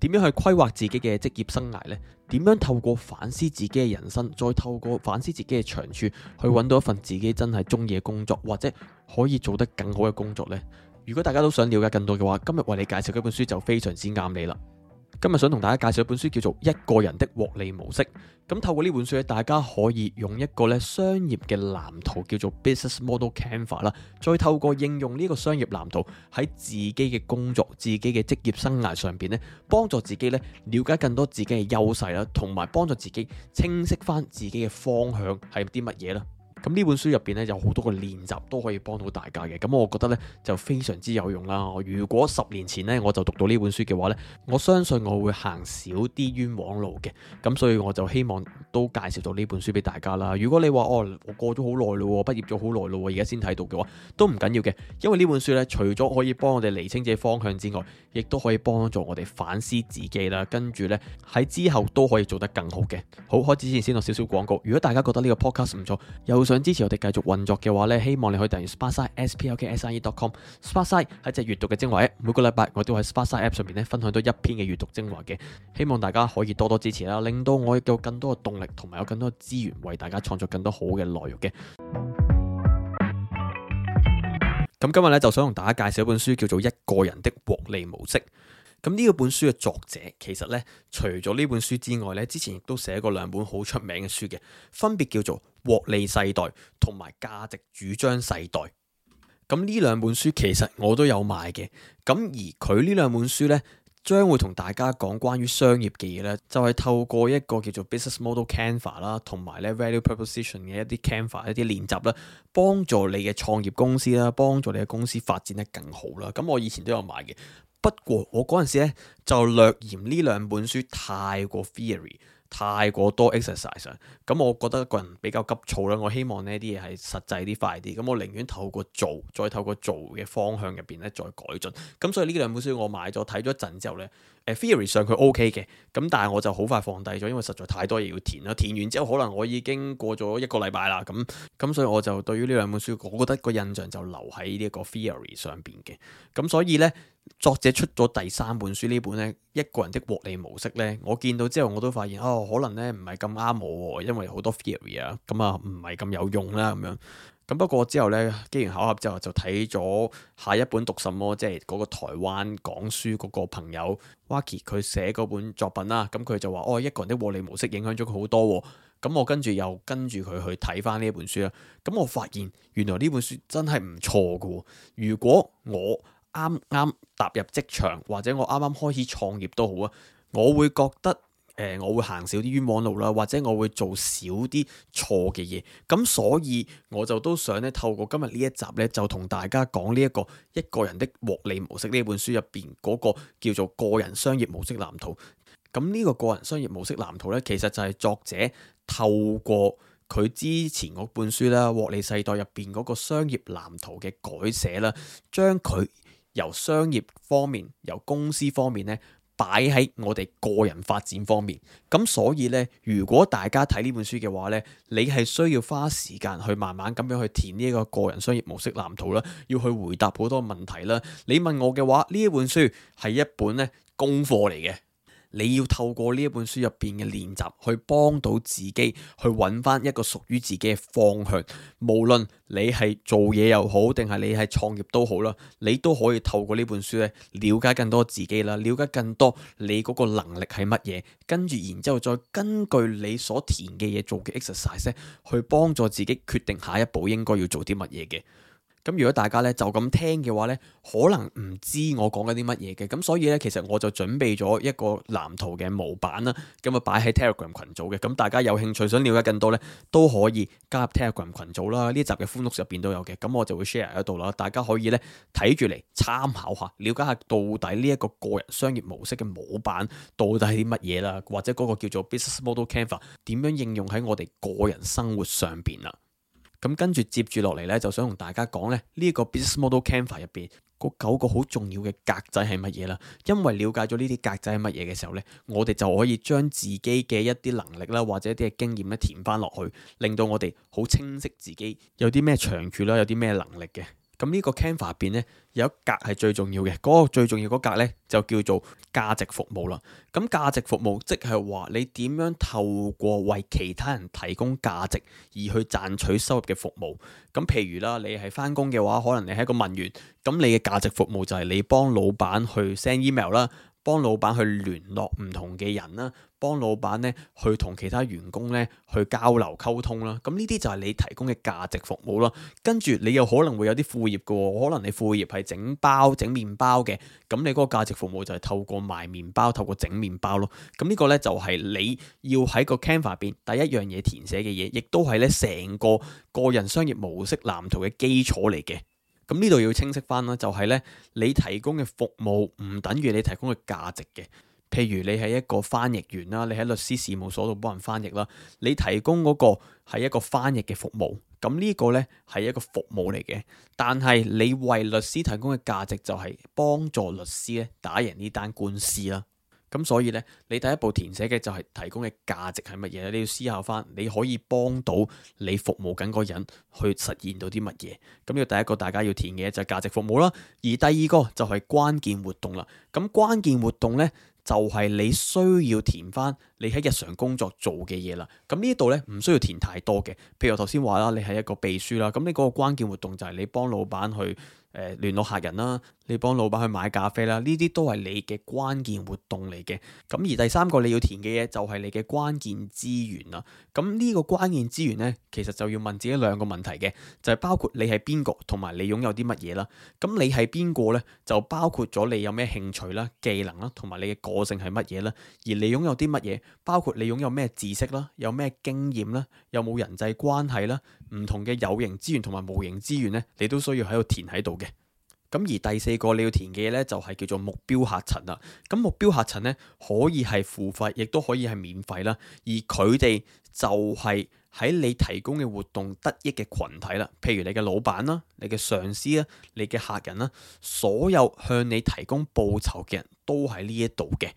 點樣去規劃自己嘅職業生涯呢？點樣透過反思自己嘅人生，再透過反思自己嘅長處，去揾到一份自己真係中意嘅工作，或者可以做得更好嘅工作呢？如果大家都想了解更多嘅話，今日為你介紹嘅本書就非常之啱你啦。今日想同大家介紹一本書，叫做《一個人的獲利模式》。咁透過呢本書咧，大家可以用一個咧商業嘅藍圖，叫做 Business Model Canvas 啦。再透過應用呢個商業藍圖，喺自己嘅工作、自己嘅職業生涯上邊咧，幫助自己咧了解更多自己嘅優勢啦，同埋幫助自己清晰翻自己嘅方向係啲乜嘢啦。咁呢本書入邊呢，有好多個練習都可以幫到大家嘅，咁我覺得呢，就非常之有用啦。如果十年前呢，我就讀到呢本書嘅話呢，我相信我會行少啲冤枉路嘅。咁所以我就希望都介紹到呢本書俾大家啦。如果你話哦，我過咗好耐嘞，畢業咗好耐嘞，而家先睇到嘅話，都唔緊要嘅，因為呢本書呢，除咗可以幫我哋釐清自己方向之外，亦都可以幫助我哋反思自己啦。跟住呢，喺之後都可以做得更好嘅。好，開始之前先做少少廣告。如果大家覺得呢個 podcast 唔錯，想支持我哋繼續運作嘅話咧，希望你可以訂閱 Sparksine, s p a r k s i n e dot com Sparksine 係一隻閱讀嘅精華咧，每個禮拜我都會喺 Sparksine app 上面咧分享多一篇嘅閱讀精華嘅，希望大家可以多多支持啦，令到我有更多嘅動力同埋有更多資源為大家創作更多好嘅內容嘅。咁 今日咧，就想同大家介紹一本書，叫做《一個人的獲利模式》。咁呢一本書嘅作者其實咧，除咗呢本書之外咧，之前亦都寫過兩本好出名嘅書嘅，分別叫做。獲利世代同埋價值主張世代，咁呢兩本書其實我都有買嘅，咁而佢呢兩本書呢，將會同大家講關於商業嘅嘢咧，就係透過一個叫做 business model canvas 啦，同埋咧 value proposition 嘅一啲 canvas 一啲練習啦，幫助你嘅創業公司啦，幫助你嘅公司發展得更好啦。咁我以前都有買嘅，不過我嗰陣時咧就略嫌呢兩本書太過 theory。太過多 exercise，咁我覺得個人比較急躁啦。我希望呢啲嘢係實際啲、快啲。咁我寧願透過做，再透過做嘅方向入邊咧再改進。咁所以呢兩本書我買咗睇咗一陣之後呢。誒，theory 上佢 OK 嘅，咁但係我就好快放低咗，因為實在太多嘢要填啦。填完之後，可能我已經過咗一個禮拜啦，咁咁所以我就對於呢兩本書，我覺得個印象就留喺呢個 theory 上邊嘅。咁所以呢，作者出咗第三本書呢本呢，一個人的獲利模式呢，我見到之後我都發現哦，可能呢唔係咁啱我，因為好多 theory 啊，咁啊唔係咁有用啦咁樣。咁不過之後呢，機緣巧合之後就睇咗下一本讀什麼，即係嗰個台灣講書嗰個朋友 Waki 佢寫嗰本作品啦。咁佢就話：哦，一個人的獲利模式影響咗佢好多喎。咁我跟住又跟住佢去睇返呢本書啦。咁我發現原來呢本書真係唔錯噶。如果我啱啱踏入職場，或者我啱啱開始創業都好啊，我會覺得。誒，我會行少啲冤枉路啦，或者我會做少啲錯嘅嘢。咁所以我就都想咧，透過今日呢一集呢，就同大家講呢一個一個人的獲利模式呢本書入邊嗰個叫做個人商業模式藍圖。咁呢個個人商業模式藍圖呢，其實就係作者透過佢之前嗰本書啦《獲利世代》入邊嗰個商業藍圖嘅改寫啦，將佢由商業方面、由公司方面呢。擺喺我哋個人發展方面咁，所以呢，如果大家睇呢本書嘅話呢，你係需要花時間去慢慢咁樣去填呢個個人商業模式藍圖啦，要去回答好多問題啦。你問我嘅話，呢一本書係一本咧功課嚟嘅。你要透過呢一本書入邊嘅練習，去幫到自己去揾翻一個屬於自己嘅方向。無論你係做嘢又好，定係你係創業都好啦，你都可以透過呢本書咧，了解更多自己啦，了解更多你嗰個能力係乜嘢。跟住然之後再根據你所填嘅嘢做嘅 exercise，去幫助自己決定下一步應該要做啲乜嘢嘅。咁如果大家咧就咁聽嘅話咧，可能唔知我講緊啲乜嘢嘅，咁所以咧其實我就準備咗一個藍圖嘅模板啦，咁啊擺喺 Telegram 群組嘅，咁大家有興趣想了解更多咧，都可以加入 Telegram 群組啦。呢集嘅歡樂入邊都有嘅，咁我就會 share 喺度啦，大家可以咧睇住嚟參考下，了解下到底呢一個個人商業模式嘅模板到底係啲乜嘢啦，或者嗰個叫做 Business Model Canvas 點樣應用喺我哋個人生活上邊啊？咁跟住接住落嚟咧，就想同大家講咧，呢個 Business Model Canvas 入邊嗰九個好重要嘅格仔係乜嘢啦？因為了解咗呢啲格仔係乜嘢嘅時候咧，我哋就可以將自己嘅一啲能力啦，或者一啲嘅經驗咧填翻落去，令到我哋好清晰自己有啲咩長處啦，有啲咩能力嘅。咁呢個 Canvas 入邊咧有一格係最重要嘅，嗰、嗰個最重要嗰格咧就叫做價值服務啦。咁價值服務即係話你點樣透過為其他人提供價值而去賺取收入嘅服務。咁譬如啦，你係翻工嘅話，可能你係一個文員，咁你嘅價值服務就係你幫老闆去 send email 啦。幫老闆去聯絡唔同嘅人啦，幫老闆咧去同其他員工咧去交流溝通啦，咁呢啲就係你提供嘅價值服務啦。跟住你又可能會有啲副業噶，可能你副業係整包整麵包嘅，咁你嗰個價值服務就係透過賣麵包，透過整麵包咯。咁、這、呢個咧就係你要喺個 Canva 入邊第一樣嘢填寫嘅嘢，亦都係咧成個個人商業模式藍圖嘅基礎嚟嘅。咁呢度要清晰翻啦，就係咧你提供嘅服務唔等於你提供嘅價值嘅。譬如你係一個翻譯員啦，你喺律師事務所度幫人翻譯啦，你提供嗰個係一個翻譯嘅服務，咁呢個咧係一個服務嚟嘅，但係你為律師提供嘅價值就係幫助律師咧打贏呢單官司啦。咁所以呢，你第一步填寫嘅就係提供嘅價值係乜嘢？你要思考翻，你可以幫到你服務緊個人去實現到啲乜嘢？咁呢個第一個大家要填嘅就係價值服務啦。而第二個就係關鍵活動啦。咁關鍵活動呢，就係你需要填翻你喺日常工作做嘅嘢啦。咁呢度呢，唔需要填太多嘅。譬如我頭先話啦，你係一個秘書啦，咁你嗰個關鍵活動就係你幫老闆去誒、呃，聯絡客人啦，你幫老闆去買咖啡啦，呢啲都係你嘅關鍵活動嚟嘅。咁而第三個你要填嘅嘢就係你嘅關鍵資源啦。咁、嗯、呢、這個關鍵資源呢，其實就要問自己兩個問題嘅，就係、是、包括你係邊個，同埋你擁有啲乜嘢啦。咁、嗯、你係邊個呢？就包括咗你有咩興趣啦、技能啦，同埋你嘅個性係乜嘢啦。而你擁有啲乜嘢，包括你擁有咩知識啦、有咩經驗啦、有冇人際關係啦。唔同嘅有形資源同埋無形資源咧，你都需要喺度填喺度嘅。咁而第四個你要填嘅嘢咧，就係叫做目標客層啦。咁目標客層咧可以係付費，亦都可以係免費啦。而佢哋就係喺你提供嘅活動得益嘅群體啦。譬如你嘅老闆啦，你嘅上司啦、啊，你嘅客人啦、啊，所有向你提供報酬嘅人都喺呢一度嘅。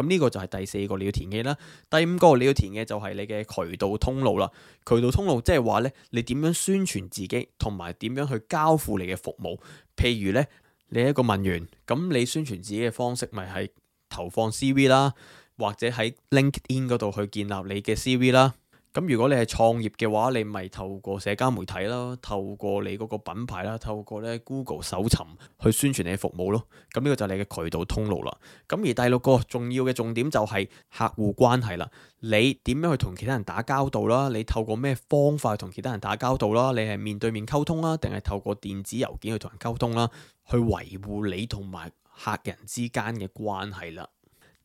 咁呢個就係第四個你要填嘅啦，第五個你要填嘅就係你嘅渠道通路啦。渠道通路即係話呢，你點樣宣傳自己，同埋點樣去交付你嘅服務。譬如呢，你一個文員，咁你宣傳自己嘅方式咪係投放 CV 啦，或者喺 LinkedIn 嗰度去建立你嘅 CV 啦。咁如果你係創業嘅話，你咪透過社交媒體啦，透過你嗰個品牌啦，透過咧 Google 搜尋去宣傳你嘅服務咯。咁呢個就係你嘅渠道通路啦。咁而第六個重要嘅重點就係客戶關係啦。你點樣去同其他人打交道啦？你透過咩方法同其他人打交道啦？你係面對面溝通啦，定係透過電子郵件去同人溝通啦？去維護你同埋客人之間嘅關係啦。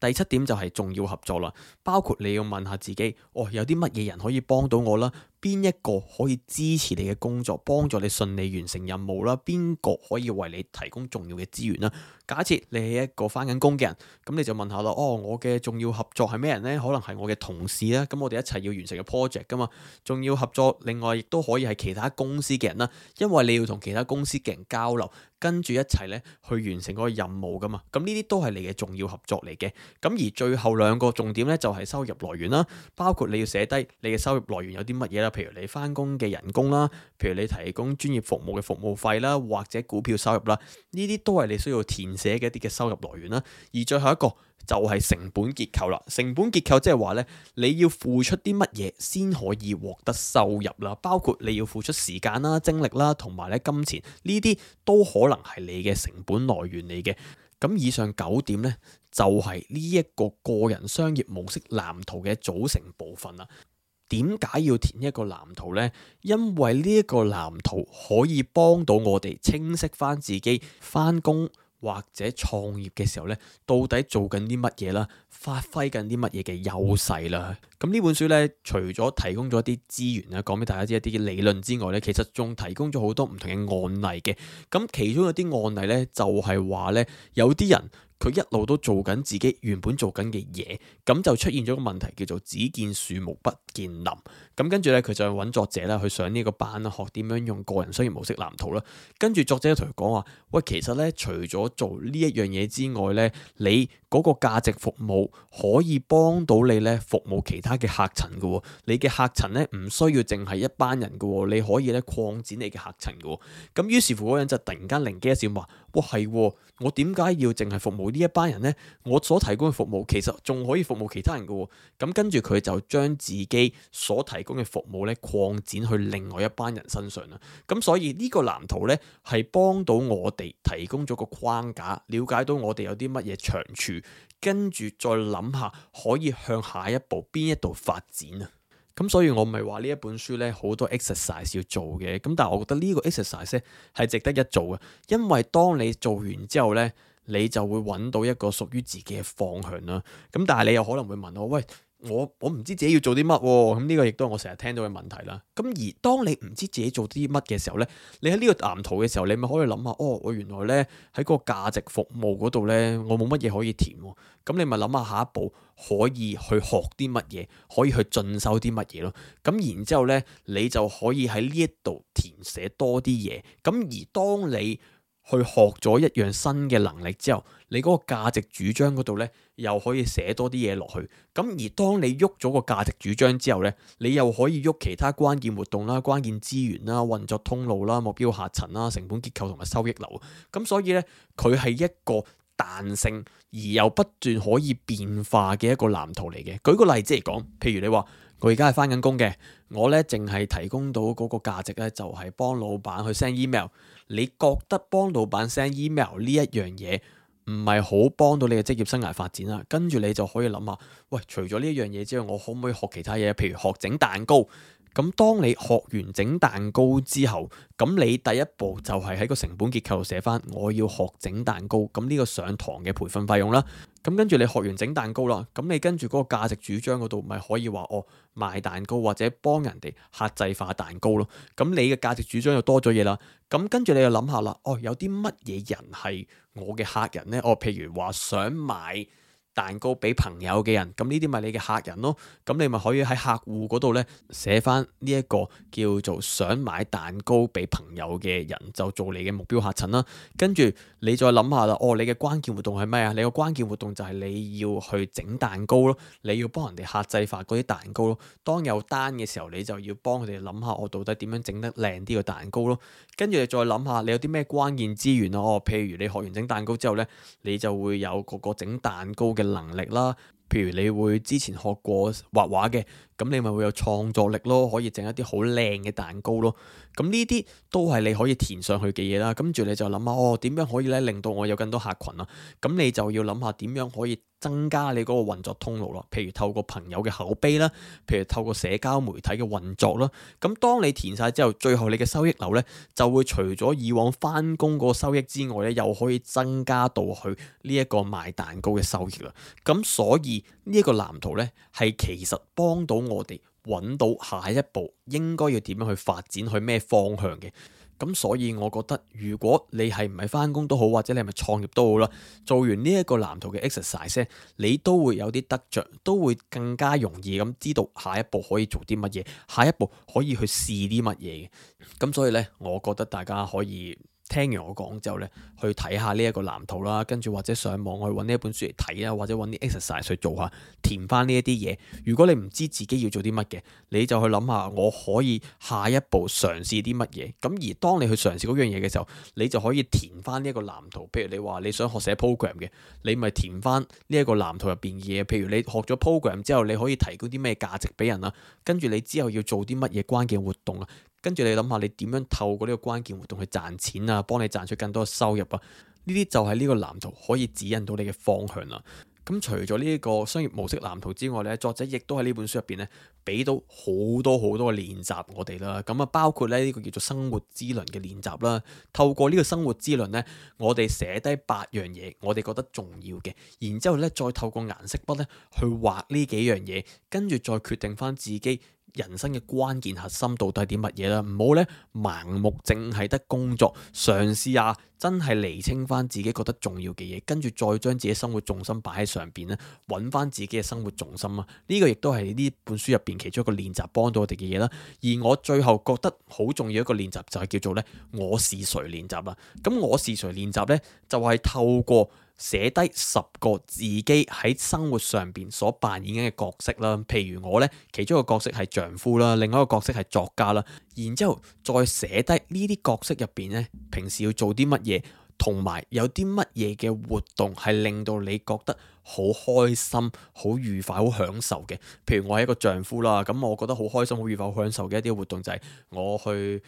第七點就係重要合作啦，包括你要問下自己，哦，有啲乜嘢人可以幫到我啦。邊一個可以支持你嘅工作，幫助你順利完成任務啦？邊個可以為你提供重要嘅資源啦？假設你係一個翻緊工嘅人，咁你就問下啦，哦，我嘅重要合作係咩人呢？可能係我嘅同事啦，咁我哋一齊要完成嘅 project 噶嘛？重要合作，另外亦都可以係其他公司嘅人啦，因為你要同其他公司嘅人交流，跟住一齊咧去完成嗰個任務噶嘛？咁呢啲都係你嘅重要合作嚟嘅。咁而最後兩個重點咧，就係收入來源啦，包括你要寫低你嘅收入來源有啲乜嘢啦。譬如你返工嘅人工啦，譬如你提供專業服務嘅服務費啦，或者股票收入啦，呢啲都係你需要填寫嘅一啲嘅收入來源啦。而最後一個就係成本結構啦。成本結構即係話咧，你要付出啲乜嘢先可以獲得收入啦？包括你要付出時間啦、精力啦，同埋咧金錢呢啲都可能係你嘅成本來源嚟嘅。咁以上九點咧，就係呢一個個人商業模式藍圖嘅組成部分啦。點解要填一個藍圖呢？因為呢一個藍圖可以幫到我哋清晰翻自己翻工或者創業嘅時候呢，到底做緊啲乜嘢啦，發揮緊啲乜嘢嘅優勢啦。咁呢本書呢，除咗提供咗一啲資源啦，講俾大家知一啲理論之外呢，其實仲提供咗好多唔同嘅案例嘅。咁其中有啲案例呢，就係話呢，有啲人。佢一路都做緊自己原本做緊嘅嘢，咁就出現咗個問題叫做只見樹木不見林。咁跟住呢，佢就揾作者啦，去上呢個班啦，學點樣用個人商業模式藍圖啦。跟住作者呢同佢講話：喂，其實呢，除咗做呢一樣嘢之外呢，你嗰個價值服務可以幫到你呢服務其他嘅客層嘅喎。你嘅客層呢唔需要淨係一班人嘅喎、哦，你可以呢擴展你嘅客層嘅喎。咁於是乎嗰人就突然間靈機一閃話：喂，係，我點解要淨係服務？呢一班人呢，我所提供嘅服務其實仲可以服務其他人㗎、哦，咁跟住佢就將自己所提供嘅服務呢擴展去另外一班人身上啦。咁、嗯、所以呢個藍圖呢，係幫到我哋提供咗個框架，了解到我哋有啲乜嘢長處，跟住再諗下可以向下一步邊一度發展啊。咁、嗯、所以我咪話呢一本書呢，好多 exercise 要做嘅，咁但係我覺得個呢個 exercise 係值得一做嘅，因為當你做完之後呢。你就會揾到一個屬於自己嘅方向啦。咁但係你又可能會問我：「喂，我我唔知自己要做啲乜喎。咁呢個亦都係我成日聽到嘅問題啦。咁而當你唔知自己做啲乜嘅時候呢，你喺呢個藍圖嘅時候，你咪可以諗下：哦，我原來呢喺個價值服務嗰度呢，我冇乜嘢可以填。咁你咪諗下下一步可以去學啲乜嘢，可以去進修啲乜嘢咯。咁然之後呢，你就可以喺呢一度填寫多啲嘢。咁而當你去學咗一樣新嘅能力之後，你嗰個價值主張嗰度呢，又可以寫多啲嘢落去。咁而當你喐咗個價值主張之後呢，你又可以喐其他關鍵活動啦、關鍵資源啦、運作通路啦、目標客層啦、成本結構同埋收益流。咁所以呢，佢係一個彈性而又不斷可以變化嘅一個藍圖嚟嘅。舉個例子嚟講，譬如你話。佢而家係翻緊工嘅，我呢，淨係提供到嗰個價值呢，就係幫老闆去 send email。你覺得幫老闆 send email 呢一樣嘢唔係好幫到你嘅職業生涯發展呀？跟住你就可以諗下，喂，除咗呢一樣嘢之外，我可唔可以學其他嘢？譬如學整蛋糕。咁當你學完整蛋糕之後，咁你第一步就係喺個成本結構度寫翻我要學整蛋糕，咁呢個上堂嘅培訓費用啦。咁跟住你學完整蛋糕啦，咁你跟住嗰個價值主張嗰度咪可以話哦，賣蛋糕或者幫人哋客製化蛋糕咯。咁你嘅價值主張又多咗嘢啦。咁跟住你又諗下啦，哦，有啲乜嘢人係我嘅客人呢？哦，譬如話想買。蛋糕俾朋友嘅人，咁呢啲咪你嘅客人咯。咁你咪可以喺客戶嗰度咧寫翻呢一個叫做想買蛋糕俾朋友嘅人，就做你嘅目標客層啦。跟住你再諗下啦，哦，你嘅關鍵活動係咩啊？你個關鍵活動就係你要去整蛋糕咯，你要幫人哋客製化嗰啲蛋糕咯。當有單嘅時候，你就要幫佢哋諗下我到底點樣整得靚啲嘅蛋糕咯。跟住你再諗下，你有啲咩關鍵資源啊？哦，譬如你學完整蛋糕之後咧，你就會有個個整蛋糕嘅。能力啦。譬如你會之前學過畫畫嘅，咁你咪會有創作力咯，可以整一啲好靚嘅蛋糕咯。咁呢啲都係你可以填上去嘅嘢啦。跟住你就諗下，哦，點樣可以咧令到我有更多客群啊？咁你就要諗下點樣可以增加你嗰個運作通路咯。譬如透過朋友嘅口碑啦，譬如透過社交媒體嘅運作啦。咁當你填晒之後，最後你嘅收益流呢，就會除咗以往翻工個收益之外呢，又可以增加到去呢一個賣蛋糕嘅收益啦。咁所以，呢一個藍圖呢，係其實幫到我哋揾到下一步應該要點樣去發展去咩方向嘅。咁所以我覺得，如果你係唔係返工都好，或者你係咪創業都好啦，做完呢一個藍圖嘅 exercise，你都會有啲得着，都會更加容易咁知道下一步可以做啲乜嘢，下一步可以去試啲乜嘢嘅。咁所以呢，我覺得大家可以。聽完我講之後咧，去睇下呢一個藍圖啦，跟住或者上網上去揾呢一本書嚟睇啊，或者揾啲 exercise 去做下，填翻呢一啲嘢。如果你唔知自己要做啲乜嘅，你就去諗下我可以下一步嘗試啲乜嘢。咁而當你去嘗試嗰樣嘢嘅時候，你就可以填翻呢一個藍圖。譬如你話你想學寫 program 嘅，你咪填翻呢一個藍圖入邊嘅嘢。譬如你學咗 program 之後，你可以提供啲咩價值俾人啊？跟住你之後要做啲乜嘢關鍵活動啊？跟住你諗下，你點樣透過呢個關鍵活動去賺錢啊？幫你賺出更多嘅收入啊！呢啲就係呢個藍圖可以指引到你嘅方向啦。咁、嗯、除咗呢個商業模式藍圖之外呢，作者亦都喺呢本書入邊咧，俾到好多好多嘅練習我哋啦。咁啊，包括咧呢、呢個叫做生活之輪嘅練習啦。透過呢個生活之輪呢，我哋寫低八樣嘢，我哋覺得重要嘅，然之後咧再透過顏色筆呢去畫呢幾樣嘢，跟住再決定翻自己。人生嘅關鍵核心到底係啲乜嘢咧？唔好咧盲目淨係得工作，嘗試下，啊、真係厘清翻自己覺得重要嘅嘢，跟住再將自己生活重心擺喺上邊咧，搵翻自己嘅生活重心啊！呢、呢個亦都係呢本書入邊其中一個練習幫到我哋嘅嘢啦。而我最後覺得好重要一個練習就係叫做咧我是誰練習啦。咁我是誰練習咧，就係、是、透過。寫低十個自己喺生活上邊所扮演嘅角色啦，譬如我呢，其中一個角色係丈夫啦，另外一個角色係作家啦，然之後再寫低呢啲角色入邊呢，平時要做啲乜嘢，同埋有啲乜嘢嘅活動係令到你覺得好開心、好愉快、好享受嘅。譬如我係一個丈夫啦，咁我覺得好開心、好愉快、好享受嘅一啲活動就係我去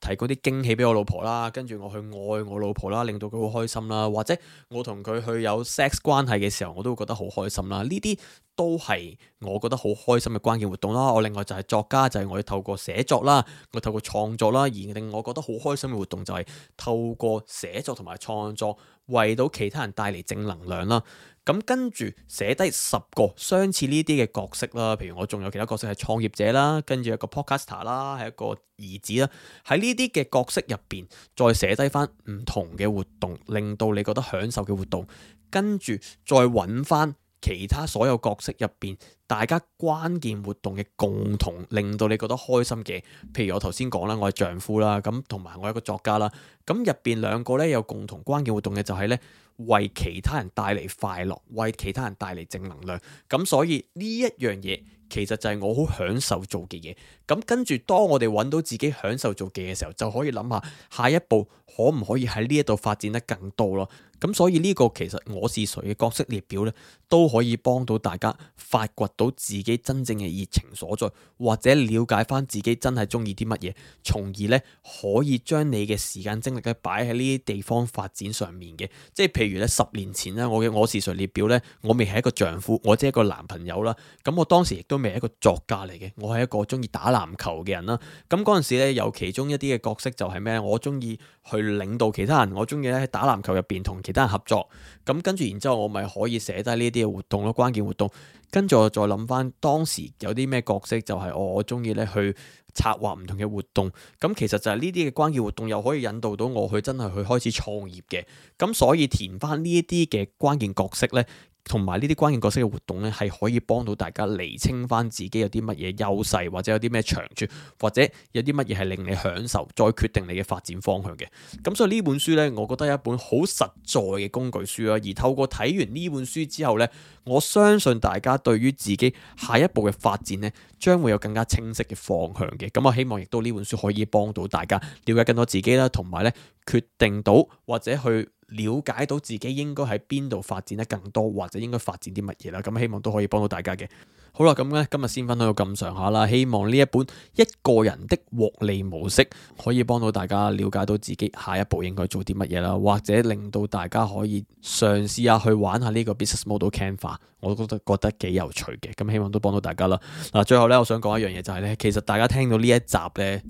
提供啲驚喜俾我老婆啦，跟住我去愛我老婆啦，令到佢好開心啦，或者我同佢去有 sex 關係嘅時候，我都會覺得好開心啦。呢啲都係我覺得好開心嘅關鍵活動啦。我另外就係作家，就係我要透過寫作啦，我透過創作啦，而令我覺得好開心嘅活動就係透過寫作同埋創作，為到其他人帶嚟正能量啦。咁跟住寫低十個相似呢啲嘅角色啦，譬如我仲有其他角色係創業者啦，跟住一個 podcaster 啦，係一個兒子啦，喺呢啲嘅角色入邊再寫低翻唔同嘅活動，令到你覺得享受嘅活動，跟住再揾翻其他所有角色入邊大家關鍵活動嘅共同，令到你覺得開心嘅。譬如我頭先講啦，我係丈夫啦，咁同埋我係一個作家啦，咁入邊兩個呢，有共同關鍵活動嘅就係呢。為其他人帶嚟快樂，為其他人帶嚟正能量，咁所以呢一樣嘢其實就係我好享受做嘅嘢。咁跟住，當我哋揾到自己享受做嘅嘢嘅時候，就可以諗下下一步可唔可以喺呢一度發展得更多咯。咁所以呢個其實我是誰嘅角色列表呢，都可以幫到大家發掘到自己真正嘅熱情所在，或者了解翻自己真係中意啲乜嘢，從而呢，可以將你嘅時間精力咧擺喺呢啲地方發展上面嘅。即係譬如呢，十年前呢，我嘅我是誰列表呢，我未係一個丈夫，我只係一個男朋友啦。咁我當時亦都未係一個作家嚟嘅，我係一個中意打籃球嘅人啦。咁嗰陣時咧，有其中一啲嘅角色就係咩？我中意去領導其他人，我中意咧喺打籃球入邊同。其他人合作，咁跟住然之後我咪可以寫低呢啲嘅活動咯，關鍵活動。跟住我再諗翻當時有啲咩角色，就係我我中意咧去策劃唔同嘅活動。咁其實就係呢啲嘅關鍵活動，又可以引導到我去真係去開始創業嘅。咁所以填翻呢一啲嘅關鍵角色呢，同埋呢啲關鍵角色嘅活動呢，係可以幫到大家釐清返自己有啲乜嘢優勢，或者有啲咩長處，或者有啲乜嘢係令你享受，再決定你嘅發展方向嘅。咁所以呢本書呢，我覺得係一本好實在嘅工具書啊。而透過睇完呢本書之後呢，我相信大家對於自己下一步嘅發展呢，將會有更加清晰嘅方向嘅。咁我希望亦都呢本書可以幫到大家瞭解更多自己啦，同埋呢決定到或者去。了解到自己應該喺邊度發展得更多，或者應該發展啲乜嘢啦。咁希望都可以幫到大家嘅。好啦，咁咧今日先分享到咁上下啦。希望呢一本一個人的獲利模式可以幫到大家了解到自己下一步應該做啲乜嘢啦，或者令到大家可以嘗試下去玩下呢個 Business Model Canvas。我都覺得覺得幾有趣嘅。咁希望都幫到大家啦。嗱，最後呢，我想講一樣嘢就係呢：其實大家聽到呢一集呢，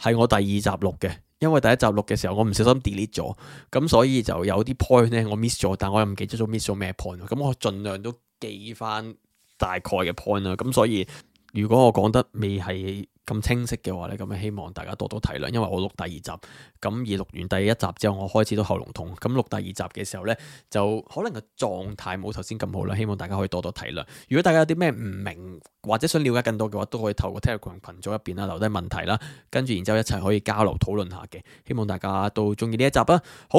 係我第二集錄嘅。因為第一集錄嘅時候我唔小心 delete 咗，咁所以就有啲 point 呢。我 miss 咗，但係我又唔記得咗 miss 咗咩 point，咁我盡量都記翻大概嘅 point 啦，咁所以如果我講得未係，咁清晰嘅話咧，咁希望大家多多體諒，因為我錄第二集，咁而錄完第一集之後，我開始都喉嚨痛，咁錄第二集嘅時候咧，就可能個狀態冇頭先咁好啦，希望大家可以多多體諒。如果大家有啲咩唔明或者想了解更多嘅話，都可以透過 Telegram 群組入邊啦，留低問題啦，跟住然之後一齊可以交流討論下嘅。希望大家都中意呢一集啦。好。